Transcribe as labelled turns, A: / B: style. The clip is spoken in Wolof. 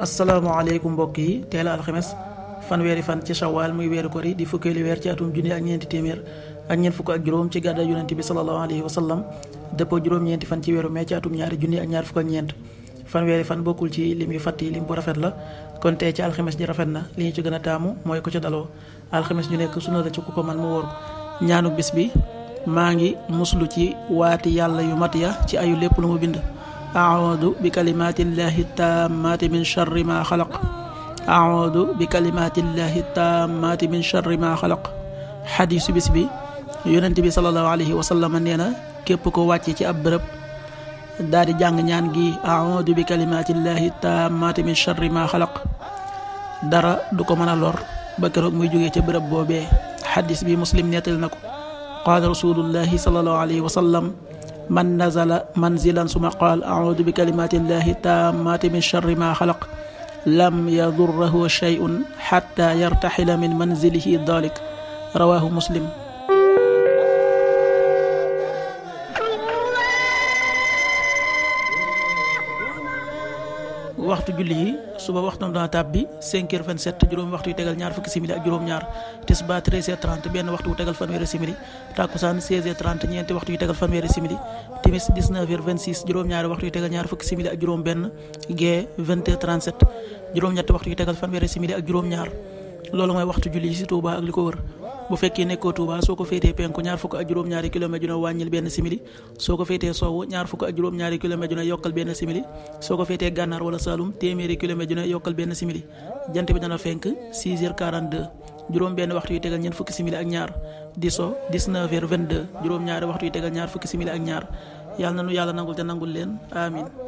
A: asalaamaaleykum mbokk yi teel a alxames fanweeri fan ci shawaal muy weeru kori di fukkeeli weer ci atum junni ak ñeenti téeméer ak ñeent fukk ak juróom ci gàddaay yonent bi sallallahu alayhi wa sallam dëppoo juróom-ñeenti fan ci weeru mai ci atum ñaari junni ak ñaar fukk ak ñeent fanweeri fan bokkul ci lim yu fàtt yi lim bu rafet la kon tey ci alxames ji rafet na li ñu ci gën a taamu mooy ko ca daloo alxames ñu nekk suna la ci ku ko man mu wóor ñaanu bis bi maa ngi muslu ci waati yàlla yu mat ya ci ayu lépp lu mu bind أعوذ بكلمات الله التامات من a ما خلق أعوذ بكلمات a التامات من شر ما خلق xadiisu bis bi yonent na képp ko wàcce ci ab bërëb daal di jàng ñaan gi aoudu bi kalimaatillahi taammaati min charri ma xalaq du ko mën a lor ba keroog muy jógee ca bërëb boobee xadis bi muslim nettali na man nazala manzilan suma qaal audu bi kalimatillahi tammati min charri ma xalaq lam yadurrahu cheyun xatta yartaxila min manzilihi dalik rawahu muslim waxtu julli yi suba waxtu dana tab bi 5 heures 27 juróomi waxtu yu tegal ñaar fukki simili ak juróom-ñaar tisba 13 heures 30 benn waxtu wu tegal fanweeri simili takusaan 16 heures 30 ñeenti waxtu tegal fanweeri simili timis 19 heures 26 juróom-ñaari waxtu tegal ñaar fukki simili ak juróom benn gee ñetti waxtu yu tegal fanweeri simili ak juróom-ñaar loolu mooy waxtu julli yi si Touba ak li ko bu fekkee nekkoo Touba soo ko féetee penku ñaar fukk ak juróom-ñaari kilomètre ju ne wàññil benn simili soo ko féetee sowwu ñaar fukk ak juróom-ñaari kilomètre ju ne yokkal benn simili soo ko féetee gànnaar wala Saloum téeméeri kilomètre ju ne yokkal benn simili jant bi dana fenk 6 heures 42 juróom benn waxtu yu tegal ñeent fukki simili ak ñaar di so 19 heures 22 juróom-ñaari waxtu yu tegal ñaar fukki simili ak ñaar yàlla na nu yàlla nangul te nangul leen amin